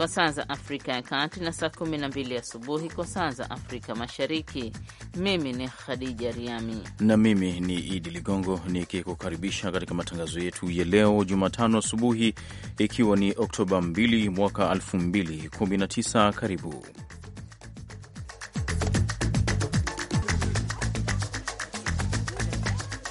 kwa saa za Afrika ya Kati na saa 12 asubuhi kwa saa za Afrika Mashariki. Mimi ni Khadija Riami na mimi ni Idi Ligongo nikikukaribisha katika matangazo yetu ya leo Jumatano asubuhi, ikiwa ni Oktoba 2 mwaka 2019. Karibu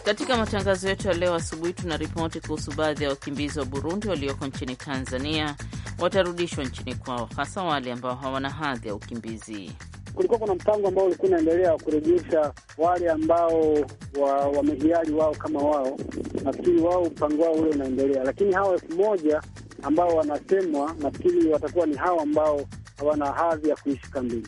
Katika matangazo yetu ya leo asubuhi, tuna ripoti kuhusu baadhi ya wakimbizi wa Burundi walioko nchini Tanzania watarudishwa nchini kwao, hasa wale ambao hawana hadhi ya ukimbizi. Kulikuwa kuna mpango ambao ulikuwa unaendelea kurejesha wale ambao wamehiari wa wao kama wao, nafikiri wao mpango wao ule unaendelea, lakini hawa elfu moja ambao wanasemwa, nafikiri watakuwa ni hawa ambao hawana hadhi ya kuishi kambini.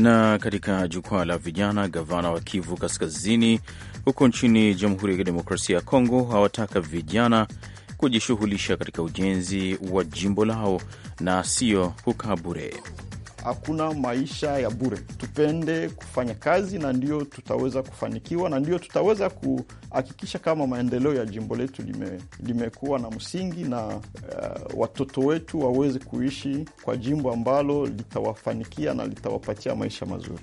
Na katika jukwaa la vijana, gavana wa Kivu Kaskazini huko nchini Jamhuri ya Kidemokrasia ya Kongo hawataka vijana kujishughulisha katika ujenzi wa jimbo lao na sio kukaa bure hakuna maisha ya bure. Tupende kufanya kazi, na ndio tutaweza kufanikiwa, na ndio tutaweza kuhakikisha kama maendeleo ya jimbo letu limekuwa lime na msingi, na uh, watoto wetu waweze kuishi kwa jimbo ambalo litawafanikia na litawapatia maisha mazuri.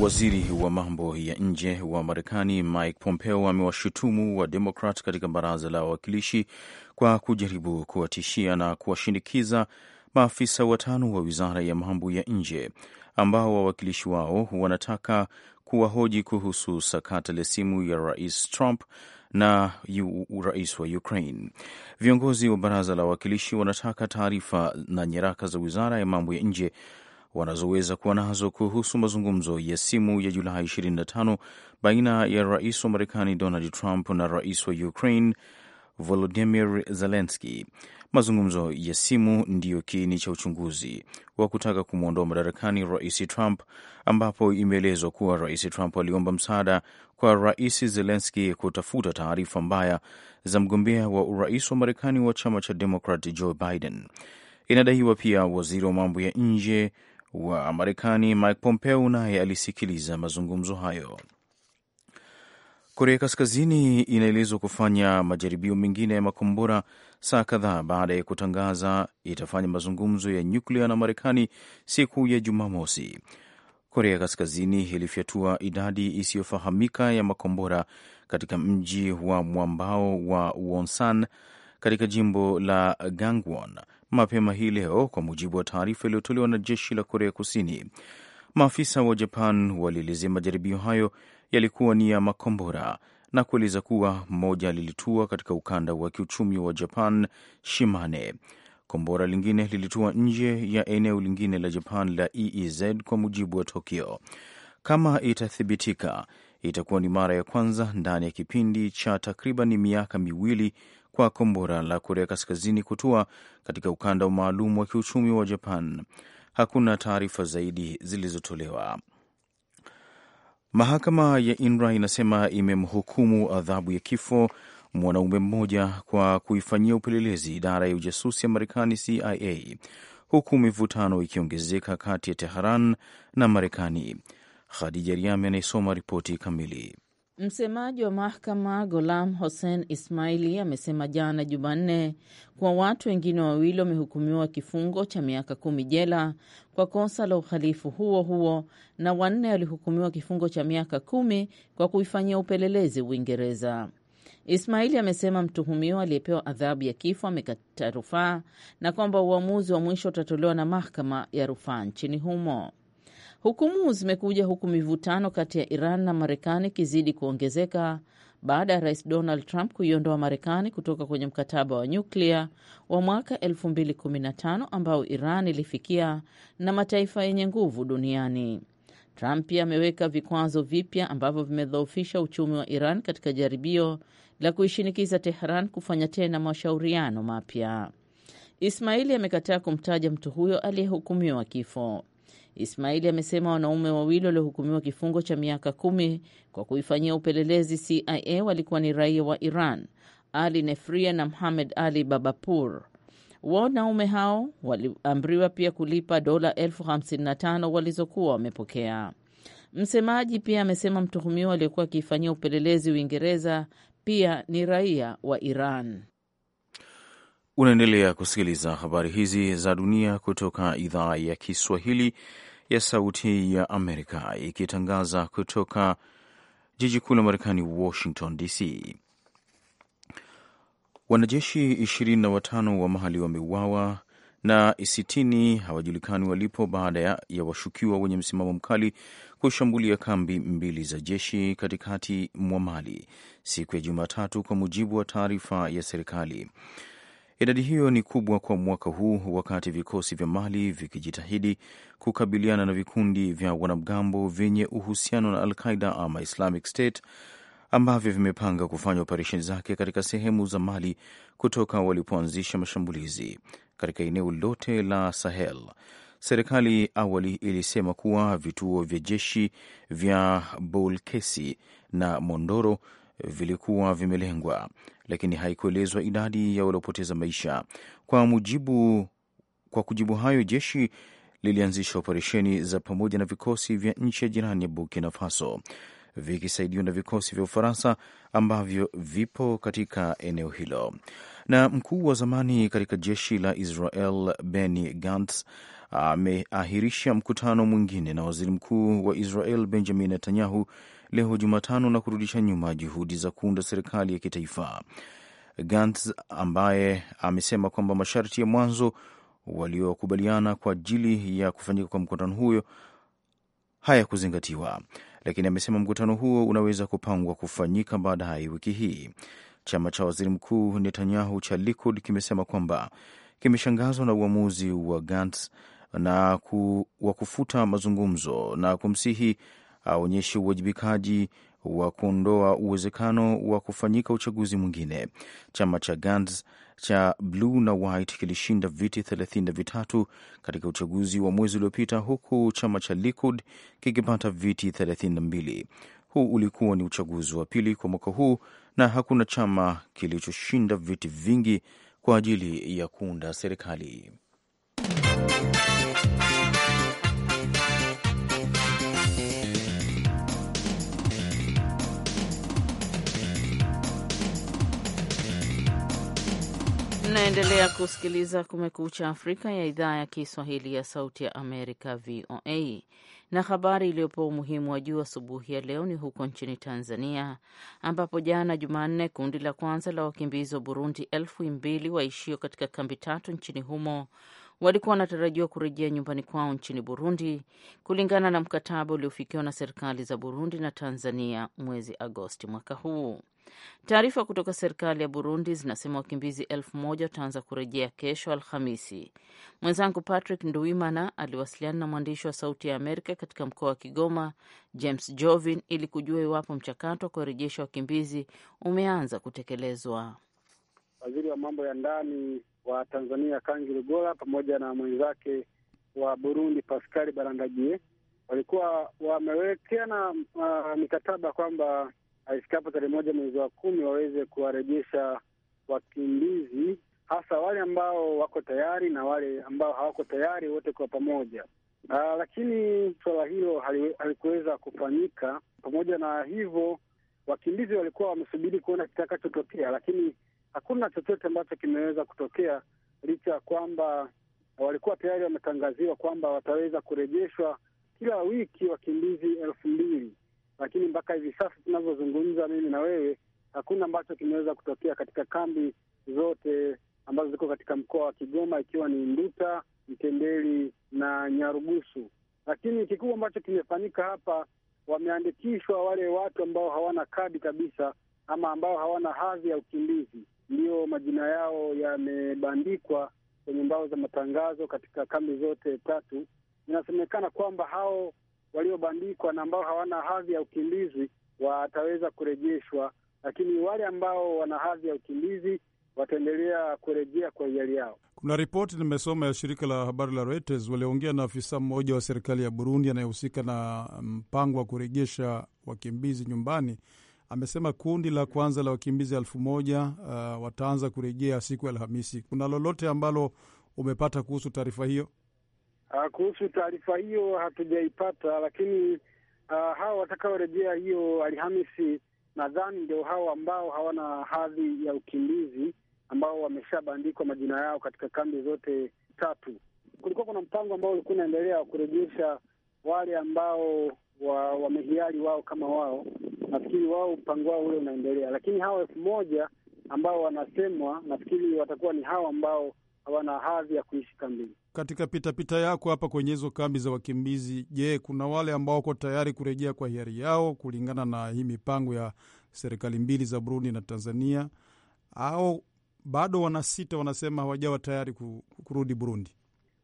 Waziri wa mambo ya nje wa Marekani Mike Pompeo amewashutumu wa Demokrat katika baraza la wawakilishi kwa kujaribu kuwatishia na kuwashinikiza maafisa watano wa wizara ya mambo ya nje ambao wawakilishi wao wanataka kuwahoji kuhusu sakata la simu ya Rais Trump na rais wa Ukraine. Viongozi wa baraza la wawakilishi wanataka taarifa na nyaraka za wizara ya mambo ya nje wanazoweza kuwa nazo kuhusu mazungumzo ya simu ya Julai 25 baina ya rais wa Marekani Donald Trump na rais wa Ukraine Volodymyr Zelensky. Mazungumzo ya simu ndiyo kiini cha uchunguzi wa kutaka kumwondoa madarakani rais Trump, ambapo imeelezwa kuwa rais Trump aliomba msaada kwa rais Zelensky kutafuta taarifa mbaya za mgombea wa urais wa Marekani wa chama cha Demokrat Joe Biden. Inadaiwa pia waziri wa mambo ya nje wa Marekani Mike Pompeo naye alisikiliza mazungumzo hayo. Korea Kaskazini inaelezwa kufanya majaribio mengine ya makombora saa kadhaa baada ya kutangaza itafanya mazungumzo ya nyuklia na Marekani siku ya Jumamosi. Korea Kaskazini ilifyatua idadi isiyofahamika ya makombora katika mji wa mwambao wa Wonsan katika jimbo la Gangwon mapema hii leo, kwa mujibu wa taarifa iliyotolewa na jeshi la Korea Kusini. Maafisa wa Japan walielezea majaribio hayo yalikuwa ni ya makombora na kueleza kuwa mmoja lilitua katika ukanda wa kiuchumi wa Japan, Shimane. Kombora lingine lilitua nje ya eneo lingine la Japan la EEZ, kwa mujibu wa Tokyo. Kama itathibitika, itakuwa ni mara ya kwanza ndani ya kipindi cha takriban miaka miwili kwa kombora la Korea Kaskazini kutua katika ukanda maalum wa kiuchumi wa Japan. Hakuna taarifa zaidi zilizotolewa. Mahakama ya Inra inasema imemhukumu adhabu ya kifo mwanaume mmoja kwa kuifanyia upelelezi idara ya ujasusi ya Marekani, CIA, huku mivutano ikiongezeka kati ya Teheran na Marekani. Khadija Riami anayesoma ripoti kamili. Msemaji wa mahakama Gholam Hossein Ismaili amesema jana Jumanne kuwa watu wengine wawili wamehukumiwa kifungo cha miaka kumi jela kwa kosa la uhalifu huo huo na wanne walihukumiwa kifungo cha miaka kumi kwa kuifanyia upelelezi Uingereza. Ismaili amesema mtuhumiwa aliyepewa adhabu ya kifo amekata rufaa na kwamba uamuzi wa mwisho utatolewa na mahakama ya rufaa nchini humo. Hukumu zimekuja huku mivutano kati ya Iran na Marekani ikizidi kuongezeka baada ya rais Donald Trump kuiondoa Marekani kutoka kwenye mkataba wa nyuklia wa mwaka 2015 ambao Iran ilifikia na mataifa yenye nguvu duniani. Trump pia ameweka vikwazo vipya ambavyo vimedhoofisha uchumi wa Iran katika jaribio la kuishinikiza Teheran kufanya tena mashauriano mapya. Ismaili amekataa kumtaja mtu huyo aliyehukumiwa kifo. Ismaili amesema wanaume wawili waliohukumiwa kifungo cha miaka kumi kwa kuifanyia upelelezi CIA walikuwa ni raia wa Iran, Ali Nefria na Muhamed Ali Babapur. Wanaume hao waliamriwa pia kulipa dola elfu hamsini na tano walizokuwa wamepokea. Msemaji pia amesema mtuhumiwa aliyekuwa akiifanyia upelelezi Uingereza pia ni raia wa Iran. Unaendelea kusikiliza habari hizi za dunia kutoka idhaa ya Kiswahili ya Sauti ya Amerika ikitangaza kutoka jiji kuu la Marekani, Washington DC. Wanajeshi 25 wa Mali wameuawa na 60 hawajulikani walipo baada ya washukiwa wenye msimamo mkali kushambulia kambi mbili za jeshi katikati mwa Mali siku ya Jumatatu, kwa mujibu wa taarifa ya serikali. Idadi hiyo ni kubwa kwa mwaka huu, wakati vikosi vya Mali vikijitahidi kukabiliana na vikundi vya wanamgambo vyenye uhusiano na alqaida ama Islamic State ambavyo vimepanga kufanya operesheni zake katika sehemu za Mali kutoka walipoanzisha mashambulizi katika eneo lote la Sahel. Serikali awali ilisema kuwa vituo vya jeshi vya Bolkesi na Mondoro vilikuwa vimelengwa, lakini haikuelezwa idadi ya waliopoteza maisha. Kwa mujibu, kwa kujibu hayo jeshi lilianzisha operesheni za pamoja na vikosi vya nchi ya jirani ya Burkina Faso vikisaidiwa na vikosi vya Ufaransa ambavyo vipo katika eneo hilo. Na mkuu wa zamani katika jeshi la Israel Benny Gantz ameahirisha mkutano mwingine na waziri mkuu wa Israel Benjamin Netanyahu leo Jumatano na kurudisha nyuma juhudi za kuunda serikali ya kitaifa. Gantz ambaye amesema kwamba masharti ya mwanzo waliokubaliana kwa ajili ya kufanyika kwa mkutano huyo hayakuzingatiwa, lakini amesema mkutano huo unaweza kupangwa kufanyika baadaye wiki hii. Chama cha waziri mkuu Netanyahu cha Likud kimesema kwamba kimeshangazwa na uamuzi wa Gantz na ku, wa kufuta mazungumzo na kumsihi aonyeshe uwajibikaji wa kuondoa uwezekano wa kufanyika uchaguzi mwingine. Chama cha Gantz cha Blue na White kilishinda viti thelathini na vitatu katika uchaguzi wa mwezi uliopita, huku chama cha Likud kikipata viti thelathini na mbili. Huu ulikuwa ni uchaguzi wa pili kwa mwaka huu na hakuna chama kilichoshinda viti vingi kwa ajili ya kuunda serikali. Mnaendelea kusikiliza Kumekucha Afrika ya idhaa ya Kiswahili ya Sauti ya Amerika, VOA. Na habari iliyopewa umuhimu wa juu asubuhi ya leo ni huko nchini Tanzania, ambapo jana Jumanne, kundi la kwanza la wakimbizi wa Burundi elfu mbili waishio katika kambi tatu nchini humo walikuwa wanatarajiwa kurejea nyumbani kwao nchini Burundi kulingana na mkataba uliofikiwa na serikali za Burundi na Tanzania mwezi Agosti mwaka huu. Taarifa kutoka serikali ya Burundi zinasema wakimbizi elfu moja wataanza kurejea kesho Alhamisi. Mwenzangu Patrick nduimana aliwasiliana na mwandishi wa Sauti ya Amerika katika mkoa wa Kigoma, James Jovin, ili kujua iwapo mchakato wa kuwarejesha wakimbizi umeanza kutekelezwa waziri wa mambo ya ndani wa Tanzania Kangi Lugola pamoja na mwenzake wa Burundi paskali barandajie walikuwa wamewekeana uh, mikataba kwamba ifikapo tarehe moja mwezi wa kumi waweze kuwarejesha wakimbizi hasa wale ambao wako tayari na wale ambao hawako tayari wote kwa pamoja. Uh, lakini suala hilo halikuweza kufanyika. Pamoja na hivyo, wakimbizi walikuwa wamesubiri kuona kitakachotokea, lakini hakuna chochote ambacho kimeweza kutokea, licha ya kwamba walikuwa tayari wametangaziwa kwamba wataweza kurejeshwa kila wiki wakimbizi elfu mbili lakini mpaka hivi sasa tunavyozungumza mimi na wewe, hakuna ambacho kimeweza kutokea katika kambi zote ambazo ziko katika mkoa wa Kigoma, ikiwa ni Nduta, Mtendeli na Nyarugusu. Lakini kikubwa ambacho kimefanyika hapa, wameandikishwa wale watu ambao hawana kadi kabisa ama ambao hawana hadhi ya ukimbizi ndiyo majina yao yamebandikwa kwenye mbao za matangazo katika kambi zote tatu. Inasemekana kwamba hao waliobandikwa na ambao hawana hadhi ya ukimbizi wataweza kurejeshwa, lakini wale ambao wana hadhi ya ukimbizi wataendelea kurejea kwa hiari yao. Kuna ripoti nimesoma ya shirika la habari la Reuters, waliongea na afisa mmoja wa serikali ya Burundi anayehusika na mpango wa kurejesha wakimbizi nyumbani Amesema kundi la kwanza la wakimbizi elfu moja uh, wataanza kurejea siku ya Alhamisi. Kuna lolote ambalo umepata kuhusu taarifa hiyo? Uh, kuhusu taarifa hiyo hatujaipata, lakini uh, hawa watakaorejea hiyo Alhamisi nadhani ndio hao ambao hawana hadhi ya ukimbizi ambao wameshabandikwa majina yao katika kambi zote tatu. Kulikuwa kuna mpango ambao ulikuwa unaendelea wa kurejesha wale ambao wa wamehiari wao kama wao, nafikiri wao mpango wao ule unaendelea, lakini hawa elfu moja ambao wanasemwa, nafikiri watakuwa ni hawa ambao hawana hadhi ya kuishi kambini. Katika pitapita yako hapa kwenye hizo kambi za wakimbizi, je, kuna wale ambao wako tayari kurejea kwa hiari yao kulingana na hii mipango ya serikali mbili za Burundi na Tanzania, au bado wanasita, wanasema hawajawa tayari kurudi Burundi?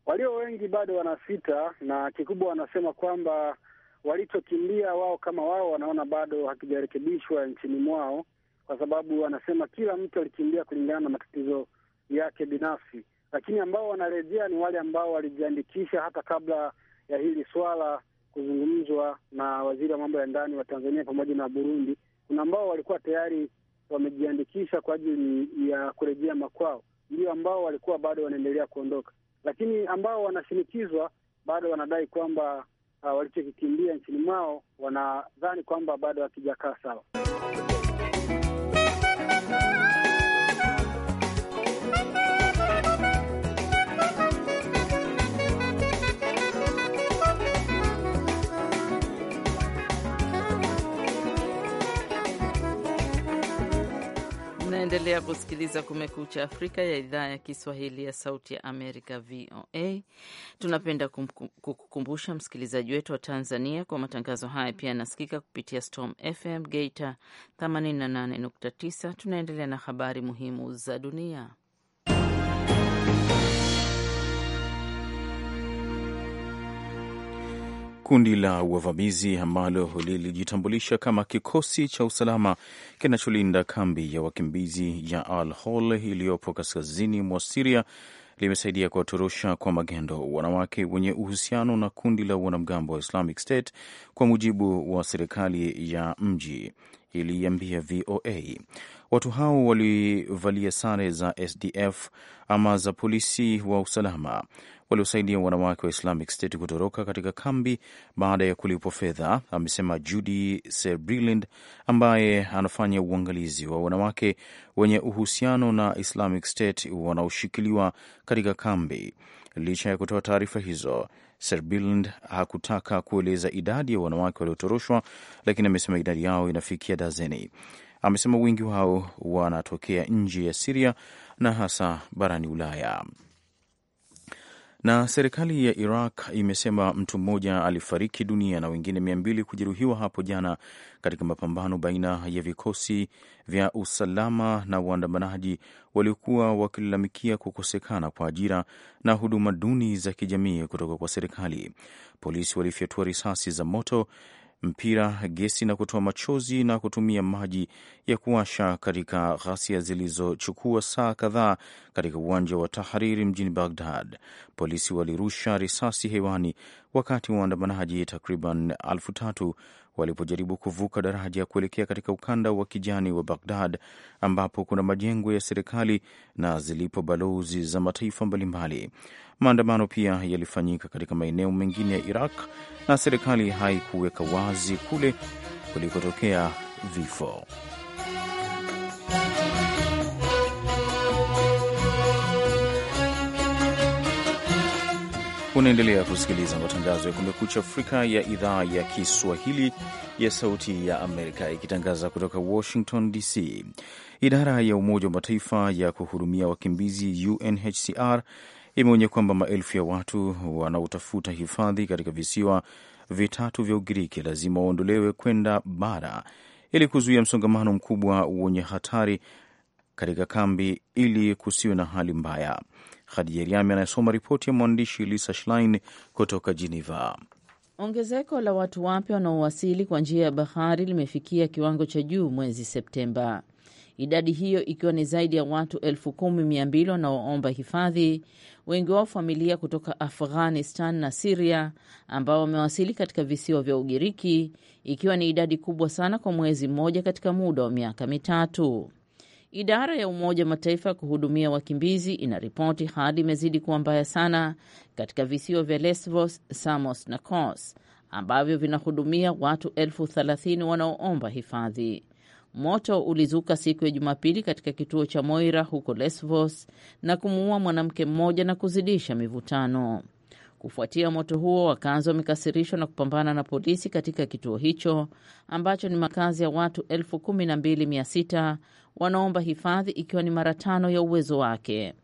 Walio wengi bado wanasita, na kikubwa wanasema kwamba walichokimbia wao kama wao wanaona bado hakijarekebishwa nchini mwao, kwa sababu wanasema kila mtu alikimbia kulingana na matatizo yake binafsi. Lakini ambao wanarejea ni wale ambao walijiandikisha hata kabla ya hili swala kuzungumzwa na waziri wa mambo ya ndani wa Tanzania pamoja na Burundi. Kuna ambao walikuwa tayari wamejiandikisha kwa ajili ya kurejea makwao, ndio ambao walikuwa bado wanaendelea kuondoka, lakini ambao wanashinikizwa bado wanadai kwamba Uh, walichokikimbia nchini mwao, wanadhani kwamba bado hakijakaa sawa. Unaendelea kusikiliza Kumekucha Afrika ya idhaa ya Kiswahili ya Sauti ya Amerika, VOA. Tunapenda kukukumbusha msikilizaji wetu wa Tanzania kwa matangazo haya pia yanasikika kupitia Storm FM Geita 88.9. Tunaendelea na habari muhimu za dunia. Kundi la wavamizi ambalo lilijitambulisha kama kikosi cha usalama kinacholinda kambi ya wakimbizi ya Al Hol iliyopo kaskazini mwa Siria limesaidia kuwatorosha kwa magendo wanawake wenye uhusiano na kundi la wanamgambo wa Islamic State, kwa mujibu wa serikali ya mji iliambia VOA. Watu hao walivalia sare za SDF ama za polisi wa usalama waliosaidia wanawake wa Islamic State kutoroka katika kambi baada ya kulipwa fedha, amesema Judy Sebriland ambaye anafanya uangalizi wa wanawake wenye uhusiano na Islamic State wanaoshikiliwa katika kambi. Licha ya kutoa taarifa hizo, Serbiland hakutaka kueleza idadi ya wanawake waliotoroshwa, lakini amesema idadi yao inafikia dazeni. Amesema wengi wao wanatokea nje ya Siria na hasa barani Ulaya. Na serikali ya Iraq imesema mtu mmoja alifariki dunia na wengine mia mbili kujeruhiwa hapo jana katika mapambano baina ya vikosi vya usalama na waandamanaji waliokuwa wakilalamikia kukosekana kwa ajira na huduma duni za kijamii kutoka kwa serikali. Polisi walifyatua risasi za moto mpira, gesi na kutoa machozi na kutumia maji ya kuasha katika ghasia zilizochukua saa kadhaa katika uwanja wa Tahariri mjini Baghdad. Polisi walirusha risasi hewani wakati waandamanaji takriban elfu tatu walipojaribu kuvuka daraja kuelekea katika ukanda wa kijani wa Baghdad ambapo kuna majengo ya serikali na zilipo balozi za mataifa mbalimbali. Maandamano pia yalifanyika katika maeneo mengine ya Iraq na serikali haikuweka wazi kule kulikotokea vifo. Unaendelea kusikiliza matangazo ya Kumekucha Afrika ya idhaa ya Kiswahili ya Sauti ya Amerika ikitangaza kutoka Washington DC. Idara ya Umoja wa Mataifa ya kuhudumia wakimbizi UNHCR imeonya kwamba maelfu ya watu wanaotafuta hifadhi katika visiwa vitatu vya Ugiriki lazima waondolewe kwenda bara ili kuzuia msongamano mkubwa wenye hatari katika kambi ili kusiwe na hali mbaya. Khadija Riami anayesoma ripoti ya mwandishi Lisa Schlein kutoka Geneva. Ongezeko la watu wapya wanaowasili kwa njia ya bahari limefikia kiwango cha juu mwezi Septemba, idadi hiyo ikiwa ni zaidi ya watu elfu kumi mia mbili wanaoomba hifadhi, wengi wao familia kutoka Afghanistan na Siria ambao wamewasili katika visiwa vya Ugiriki, ikiwa ni idadi kubwa sana kwa mwezi mmoja katika muda wa miaka mitatu. Idara ya Umoja wa Mataifa kuhudumia wakimbizi inaripoti hali imezidi kuwa mbaya sana katika visiwa vya Lesbos, Samos na Kos ambavyo vinahudumia watu elfu thelathini wanaoomba hifadhi. Moto ulizuka siku ya Jumapili katika kituo cha Moira huko Lesbos na kumuua mwanamke mmoja na kuzidisha mivutano. Kufuatia moto huo, wakazi wamekasirishwa na kupambana na polisi katika kituo hicho ambacho ni makazi ya watu elfu kumi na mbili mia sita wanaomba hifadhi ikiwa ni mara tano ya uwezo wake.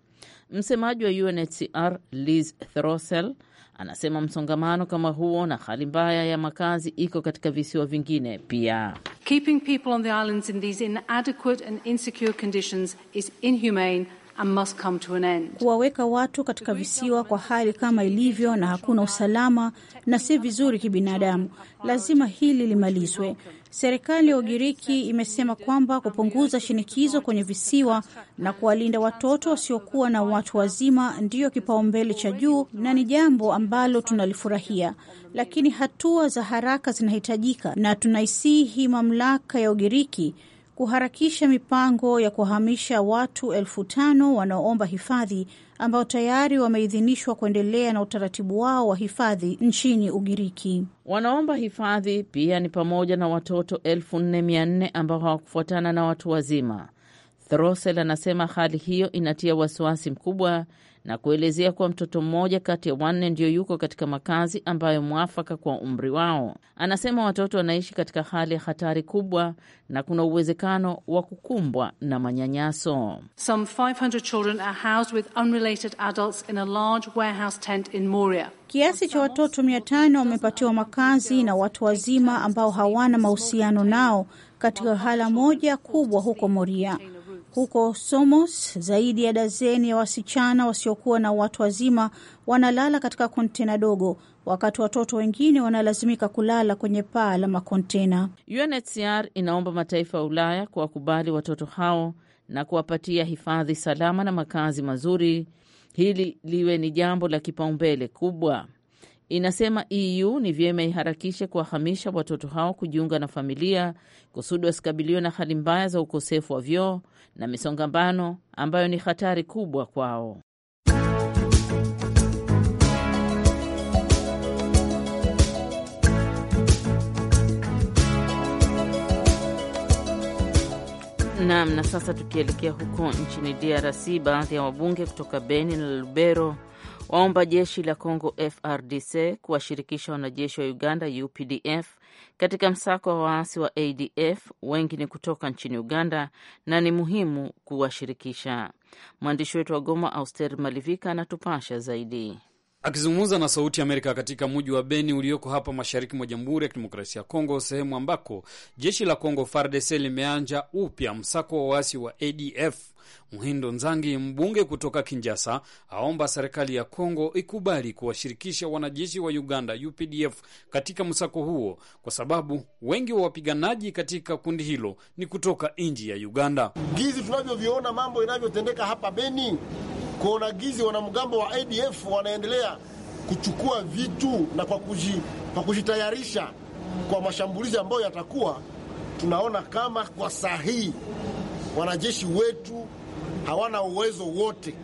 Msemaji wa UNHCR Liz throsel anasema msongamano kama huo na hali mbaya ya makazi iko katika visiwa vingine pia. Keeping people on the islands in these inadequate and insecure conditions is inhumane and must come to an end. Kuwaweka watu katika visiwa kwa hali kama ilivyo na hakuna usalama na si vizuri kibinadamu. Lazima hili limalizwe. Serikali ya Ugiriki imesema kwamba kupunguza shinikizo kwenye visiwa na kuwalinda watoto wasiokuwa na watu wazima ndiyo kipaumbele cha juu na ni jambo ambalo tunalifurahia, lakini hatua za haraka zinahitajika na tunaisihi mamlaka ya Ugiriki kuharakisha mipango ya kuhamisha watu elfu tano wanaoomba hifadhi ambao tayari wameidhinishwa kuendelea na utaratibu wao wa hifadhi nchini Ugiriki. Wanaomba hifadhi pia ni pamoja na watoto elfu nne mia nne ambao hawakufuatana na watu wazima. Throsel anasema hali hiyo inatia wasiwasi mkubwa na kuelezea kuwa mtoto mmoja kati ya wanne ndiyo yuko katika makazi ambayo mwafaka kwa umri wao. Anasema watoto wanaishi katika hali ya hatari kubwa na kuna uwezekano wa kukumbwa na manyanyaso. Some 500 children are housed with unrelated adults in a large warehouse tent in Moria. Kiasi cha watoto mia tano wamepatiwa makazi na watu wazima ambao hawana mahusiano nao katika hala moja kubwa huko Moria. Huko Somos, zaidi ya dazeni ya wasichana wasiokuwa na watu wazima wanalala katika kontena dogo, wakati watoto wengine wanalazimika kulala kwenye paa la makontena. UNHCR inaomba mataifa ya Ulaya kuwakubali watoto hao na kuwapatia hifadhi salama na makazi mazuri. Hili liwe ni jambo la kipaumbele kubwa inasema EU ni vyema iharakishe kuwahamisha watoto hao kujiunga na familia kusudi wasikabiliwe na hali mbaya za ukosefu wa vyoo na misongamano ambayo ni hatari kubwa kwao. Naam, na sasa tukielekea huko nchini DRC, baadhi ya wabunge kutoka Beni na Lubero waomba jeshi la Congo FRDC kuwashirikisha wanajeshi wa Uganda UPDF katika msako wa waasi wa ADF, wengi ni kutoka nchini Uganda na ni muhimu kuwashirikisha. Mwandishi wetu wa Goma, Auster Malivika, anatupasha zaidi. Akizungumza na Sauti ya Amerika katika mji wa Beni ulioko hapa mashariki mwa Jamhuri ya Kidemokrasia ya Kongo, sehemu ambako jeshi la Kongo FARDC limeanja upya msako wa waasi wa ADF, Mhindo Nzangi, mbunge kutoka Kinjasa, aomba serikali ya Kongo ikubali kuwashirikisha wanajeshi wa Uganda UPDF katika msako huo, kwa sababu wengi wa wapiganaji katika kundi hilo ni kutoka nchi ya Uganda. Gizi tunavyoviona mambo inavyotendeka hapa Beni kwa unagizi, wanamgambo wa ADF wanaendelea kuchukua vitu na kwa, kuji, kwa kujitayarisha kwa mashambulizi ambayo yatakuwa, tunaona kama kwa sahihi wanajeshi wetu hawana uwezo wote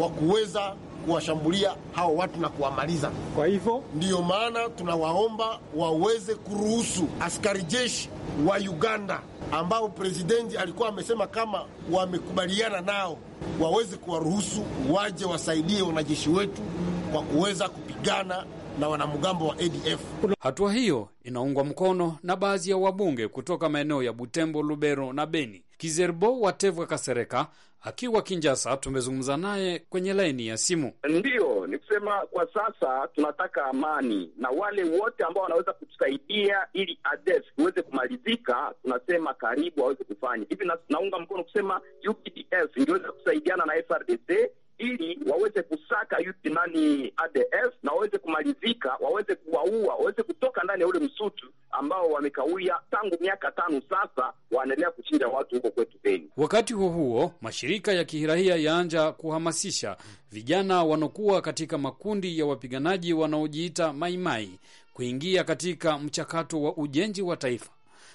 wa kuweza kuwashambulia hao watu na kuwamaliza. Kwa hivyo ndiyo maana tunawaomba waweze kuruhusu askari jeshi wa Uganda ambao presidenti alikuwa amesema kama wamekubaliana nao waweze kuwaruhusu waje wasaidie wanajeshi wetu kwa kuweza kupigana na wanamgambo wa ADF. Hatua hiyo inaungwa mkono na baadhi ya wabunge kutoka maeneo ya Butembo, Lubero na Beni Kizerbo Watevwa Kasereka akiwa Kinjasa. Tumezungumza naye kwenye laini ya simu. Ndiyo, ni kusema kwa sasa tunataka amani na wale wote ambao wanaweza kutusaidia ili ADF iweze e kumalizika, tunasema karibu waweze kufanya hivi, na naunga mkono kusema UPDF ingeweza kusaidiana na FRDC ili waweze kusaka nani ADF na waweze kumalizika, waweze kuwaua, waweze kutoka ndani ya ule msutu ambao wamekawia tangu miaka tano sasa, waendelea kuchinja watu huko kwetu Beni. Wakati huo huo, mashirika ya kiraia yaanja kuhamasisha vijana wanaokuwa katika makundi ya wapiganaji wanaojiita maimai kuingia katika mchakato wa ujenzi wa taifa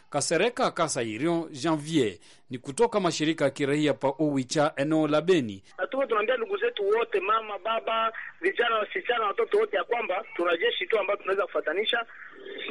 Kasereka Kasairio Janvier ni kutoka mashirika ya kiraia pa Owicha eneo la Beni. Tuko tunaambia ndugu zetu wote, mama, baba, vijana, wasichana, watoto wote, ya kwamba tuna jeshi tu ambayo tunaweza kufatanisha,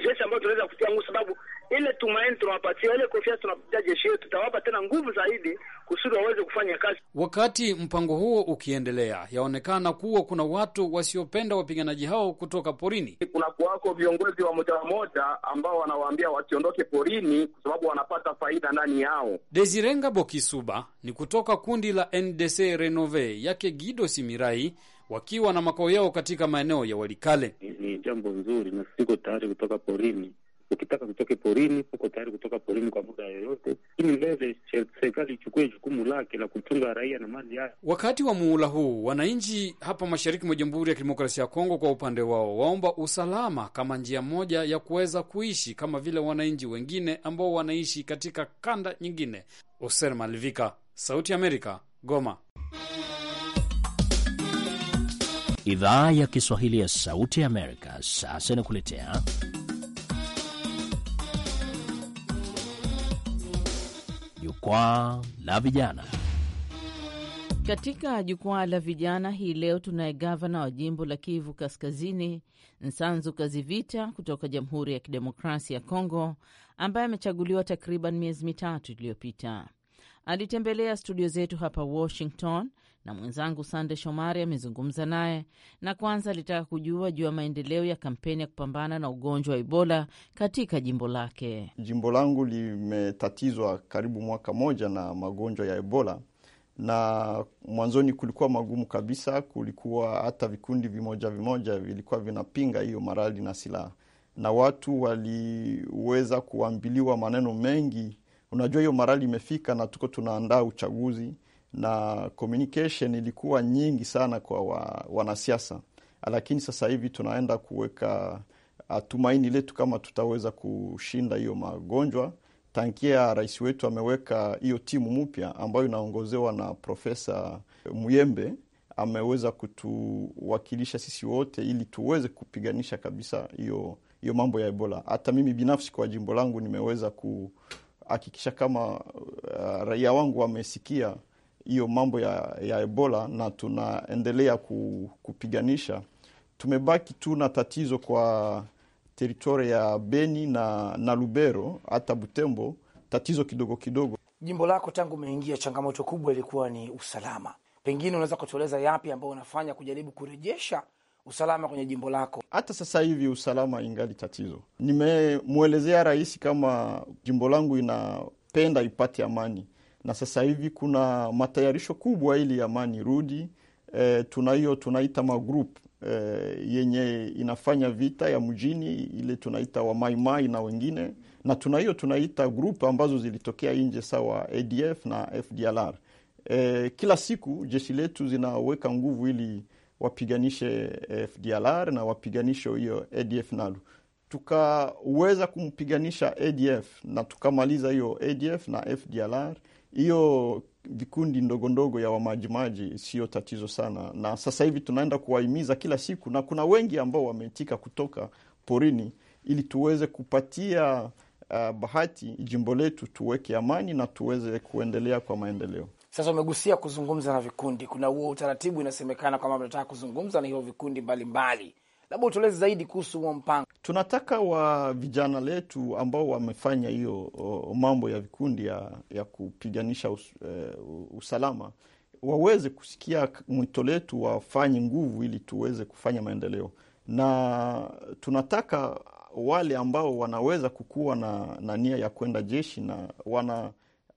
jeshi ambayo tunaweza kutia nguvu, sababu ile tumaini tunawapatia, ile kofia tunapatia jeshi yetu, tutawapa tena nguvu zaidi kusudi waweze kufanya kazi. Wakati mpango huo ukiendelea, yaonekana kuwa kuna watu wasiopenda wapiganaji hao kutoka porini kuna wako viongozi wa moja moja ambao wanawaambia wasiondoke porini kwa sababu wanapata faida ndani yao. Desirenga Bokisuba ni kutoka kundi la NDC Renove yake Gido Simirai wakiwa na makao yao katika maeneo ya Walikale. Ni jambo nzuri na siko tayari kutoka porini ukitaka kutoke porini, uko tayari kutoka porini kwa muda yoyote, ili mbele serikali ichukue jukumu lake la kutunga raia na mali yayo. Wakati wa muhula huu, wananchi hapa mashariki mwa Jamhuri ya Kidemokrasia ya Kongo kwa upande wao waomba usalama kama njia moja ya kuweza kuishi kama vile wananchi wengine ambao wanaishi katika kanda nyingine. Oser Malivika, Sauti Amerika, Goma. Idhaa ya Kiswahili ya Sauti Amerika sasa inakuletea Jukwaa la Vijana. Katika Jukwaa la Vijana hii leo tunaye gavana wa jimbo la Kivu Kaskazini, Nsanzu Kazivita kutoka Jamhuri ya Kidemokrasia ya Kongo, ambaye amechaguliwa takriban miezi mitatu iliyopita. Alitembelea studio zetu hapa Washington na mwenzangu Sande Shomari amezungumza naye na kwanza alitaka kujua juu ya maendeleo ya kampeni ya kupambana na ugonjwa wa Ebola katika jimbo lake. Jimbo langu limetatizwa karibu mwaka moja na magonjwa ya Ebola, na mwanzoni kulikuwa magumu kabisa. Kulikuwa hata vikundi vimoja vimoja vilikuwa vinapinga hiyo marali na silaha, na watu waliweza kuambiliwa maneno mengi. Unajua, hiyo marali imefika na tuko tunaandaa uchaguzi na communication ilikuwa nyingi sana kwa wa, wanasiasa, lakini sasa hivi tunaenda kuweka ah, tumaini letu kama tutaweza kushinda hiyo magonjwa. Tankia rais wetu ameweka hiyo timu mpya ambayo inaongozewa na Profesa Muyembe ameweza kutuwakilisha sisi wote ili tuweze kupiganisha kabisa hiyo hiyo mambo ya Ebola. Hata mimi binafsi kwa jimbo langu nimeweza kuhakikisha kama uh, raia wangu wamesikia hiyo mambo ya, ya Ebola na tunaendelea ku, kupiganisha. Tumebaki tu na tatizo kwa teritori ya Beni na, na Lubero hata Butembo, tatizo kidogo kidogo. Jimbo lako tangu umeingia, changamoto kubwa ilikuwa ni usalama, pengine unaweza kutueleza yapi ambayo unafanya kujaribu kurejesha usalama kwenye jimbo lako? Hata sasa hivi usalama ingali tatizo. Nimemwelezea rais kama jimbo langu inapenda ipate amani na sasa hivi kuna matayarisho kubwa ili amani rudi. E, tunayo tunaita magrup e, yenye inafanya vita ya mjini ile tunaita wamaimai na wengine, na tunahiyo tunaita grup ambazo zilitokea nje sawa ADF na FDLR. E, kila siku jeshi letu zinaweka nguvu ili wapiganishe FDLR na wapiganishe hiyo ADF nalo tukaweza kumpiganisha ADF na tukamaliza hiyo ADF na FDLR hiyo vikundi ndogo ndogo ya wamajimaji siyo tatizo sana, na sasa hivi tunaenda kuwahimiza kila siku, na kuna wengi ambao wameitika kutoka porini ili tuweze kupatia uh, bahati jimbo letu, tuweke amani na tuweze kuendelea kwa maendeleo. Sasa umegusia kuzungumza na vikundi, kuna huo utaratibu, inasemekana kwamba mnataka kuzungumza na hivyo vikundi mbalimbali mbali. Labda utueleze zaidi kuhusu huo mpango. Tunataka wa vijana letu ambao wamefanya hiyo mambo ya vikundi ya, ya kupiganisha us, uh, usalama waweze kusikia mwito letu, wafanye nguvu ili tuweze kufanya maendeleo, na tunataka wale ambao wanaweza kukuwa na, na nia ya kwenda jeshi na wana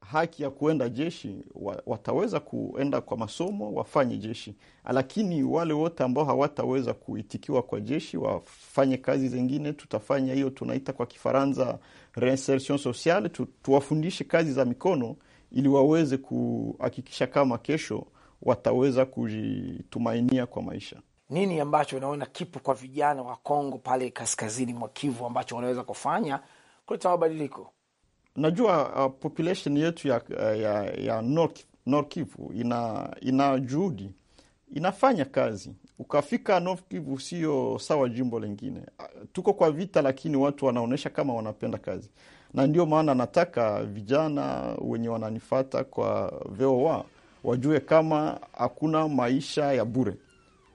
haki ya kuenda jeshi wataweza kuenda kwa masomo wafanye jeshi, lakini wale wote ambao hawataweza kuitikiwa kwa jeshi wafanye kazi zingine. Tutafanya hiyo tunaita kwa Kifaransa reinsertion sociale tu, tuwafundishe kazi za mikono ili waweze kuhakikisha kama kesho wataweza kujitumainia kwa maisha. Nini ambacho unaona kipo kwa vijana wa Kongo pale kaskazini mwa Kivu ambacho wanaweza kufanya kuleta mabadiliko? najua uh, population yetu ya, uh, ya, ya North, Kivu ina, ina juhudi inafanya kazi. Ukafika North Kivu sio sawa jimbo lingine, uh, tuko kwa vita, lakini watu wanaonyesha kama wanapenda kazi, na ndio maana nataka vijana wenye wananifata kwa VOA wajue kama hakuna maisha ya bure.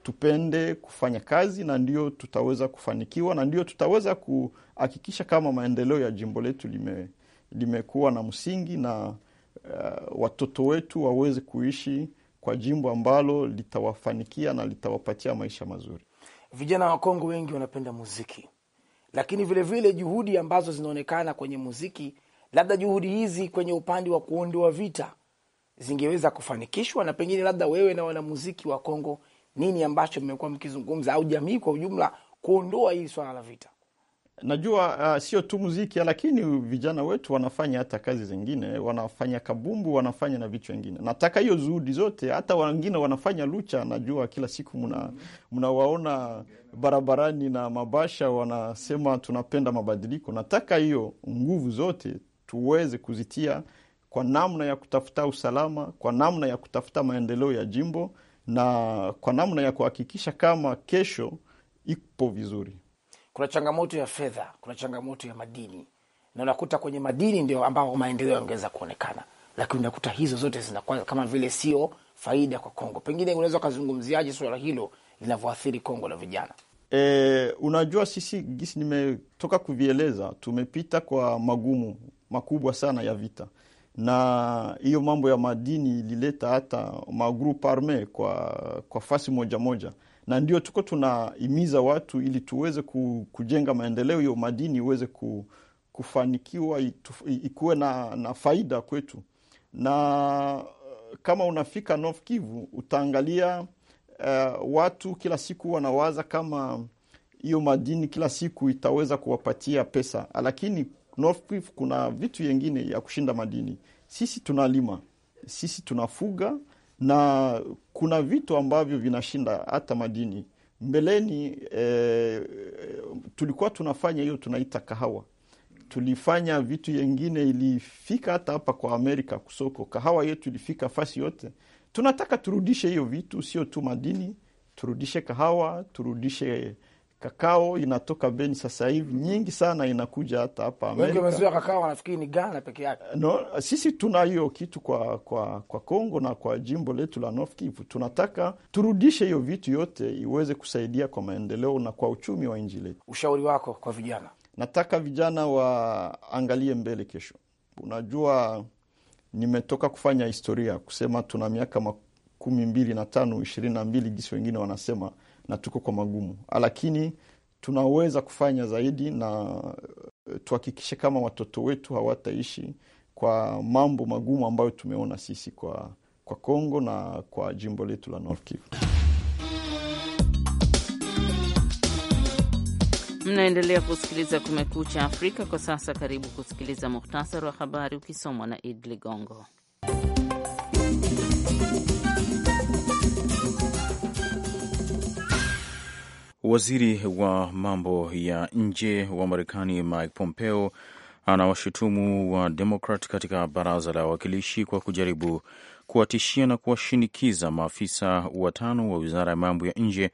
Tupende kufanya kazi, na ndio tutaweza kufanikiwa, na ndio tutaweza kuhakikisha kama maendeleo ya jimbo letu lime limekuwa na msingi na uh, watoto wetu waweze kuishi kwa jimbo ambalo litawafanikia na litawapatia maisha mazuri. Vijana wa Kongo wengi wanapenda muziki, lakini vilevile vile juhudi ambazo zinaonekana kwenye muziki, labda juhudi hizi kwenye upande wa kuondoa vita zingeweza kufanikishwa, na pengine labda wewe na wanamuziki wa Kongo, nini ambacho mmekuwa mkizungumza au jamii kwa ujumla kuondoa hili swala la vita? Najua uh, sio tu muziki, lakini vijana wetu wanafanya hata kazi zingine, wanafanya kabumbu, wanafanya na vitu vingine. Nataka hiyo zuhudi zote, hata wengine wanafanya lucha. Najua kila siku mna mnawaona barabarani na mabasha wanasema tunapenda mabadiliko. Nataka hiyo nguvu zote tuweze kuzitia kwa namna ya kutafuta usalama, kwa namna ya kutafuta maendeleo ya jimbo na kwa namna ya kuhakikisha kama kesho ipo vizuri kuna changamoto ya fedha, kuna changamoto ya madini, na unakuta kwenye madini ndio ambao maendeleo yangeweza kuonekana, lakini unakuta hizo zote zinakuwa kama vile sio faida kwa Kongo. Pengine unaweza ukazungumziaje suala hilo linavyoathiri Kongo na vijana? E, unajua sisi gisi nimetoka kuvieleza, tumepita kwa magumu makubwa sana ya vita, na hiyo mambo ya madini ilileta hata magrup arme kwa, kwa fasi moja moja na ndio tuko tunahimiza watu ili tuweze kujenga maendeleo, hiyo madini iweze kufanikiwa, ikuwe na, na faida kwetu. Na eh, kama unafika North Kivu utaangalia uh, watu kila siku wanawaza kama hiyo madini kila siku itaweza kuwapatia pesa, lakini North Kivu kuna vitu yengine ya kushinda madini. Sisi tunalima, sisi tunafuga na kuna vitu ambavyo vinashinda hata madini. Mbeleni e, tulikuwa tunafanya hiyo tunaita kahawa, tulifanya vitu yengine, ilifika hata hapa kwa Amerika kusoko, kahawa yetu ilifika fasi yote. Tunataka turudishe hiyo vitu, sio tu madini, turudishe kahawa, turudishe kakao inatoka Beni sasa hivi nyingi sana, inakuja hata hapa Amerika. Kakao wanafikiri ni Ghana peke yake. No, sisi tuna hiyo kitu kwa kwa kwa Kongo na kwa jimbo letu la North Kivu. Tunataka turudishe hiyo vitu yote iweze kusaidia kwa maendeleo na kwa uchumi wa nchi letu. Ushauri wako kwa vijana? Nataka vijana waangalie mbele kesho. Unajua, nimetoka kufanya historia kusema tuna miaka makumi mbili na tano ishirini na mbili gisi wengine wanasema na tuko kwa magumu, lakini tunaweza kufanya zaidi na eh, tuhakikishe kama watoto wetu hawataishi kwa mambo magumu ambayo tumeona sisi kwa kwa Kongo na kwa jimbo letu la North Kivu. Mnaendelea kusikiliza Kumekucha Afrika. Kwa sasa, karibu kusikiliza muhtasari wa habari ukisomwa na Id Ligongo. Waziri wa mambo ya nje wa Marekani Mike Pompeo anawashutumu wa Demokrat katika baraza la wawakilishi kwa kujaribu kuwatishia na kuwashinikiza maafisa watano wa wizara ya mambo ya nje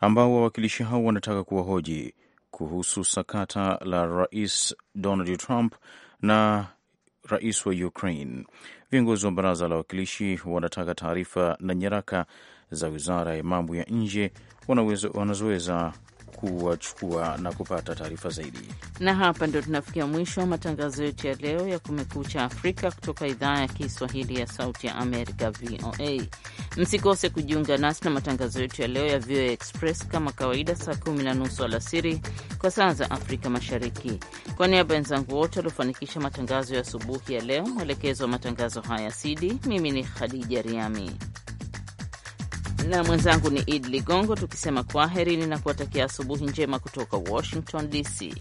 ambao wawakilishi hao wanataka kuwahoji kuhusu sakata la Rais Donald Trump na rais wa Ukraine. Viongozi wa baraza la wawakilishi wanataka taarifa na nyaraka za wizara ya mambo ya nje wanazoweza kuwachukua na kupata taarifa zaidi. Na hapa ndio tunafikia mwisho wa matangazo yetu ya leo ya Kumekucha Afrika kutoka idhaa ya Kiswahili ya Sauti ya Amerika, VOA. Msikose kujiunga nasi na matangazo yetu ya leo ya VOA Express kama kawaida, saa kumi na nusu alasiri kwa saa za Afrika Mashariki. Kwa niaba ya wenzangu wote waliofanikisha matangazo ya asubuhi ya leo, mwelekezo wa matangazo haya CD, mimi ni Khadija Riami na mwenzangu ni id Ligongo, tukisema kwaherini na kuwatakia asubuhi njema kutoka Washington DC.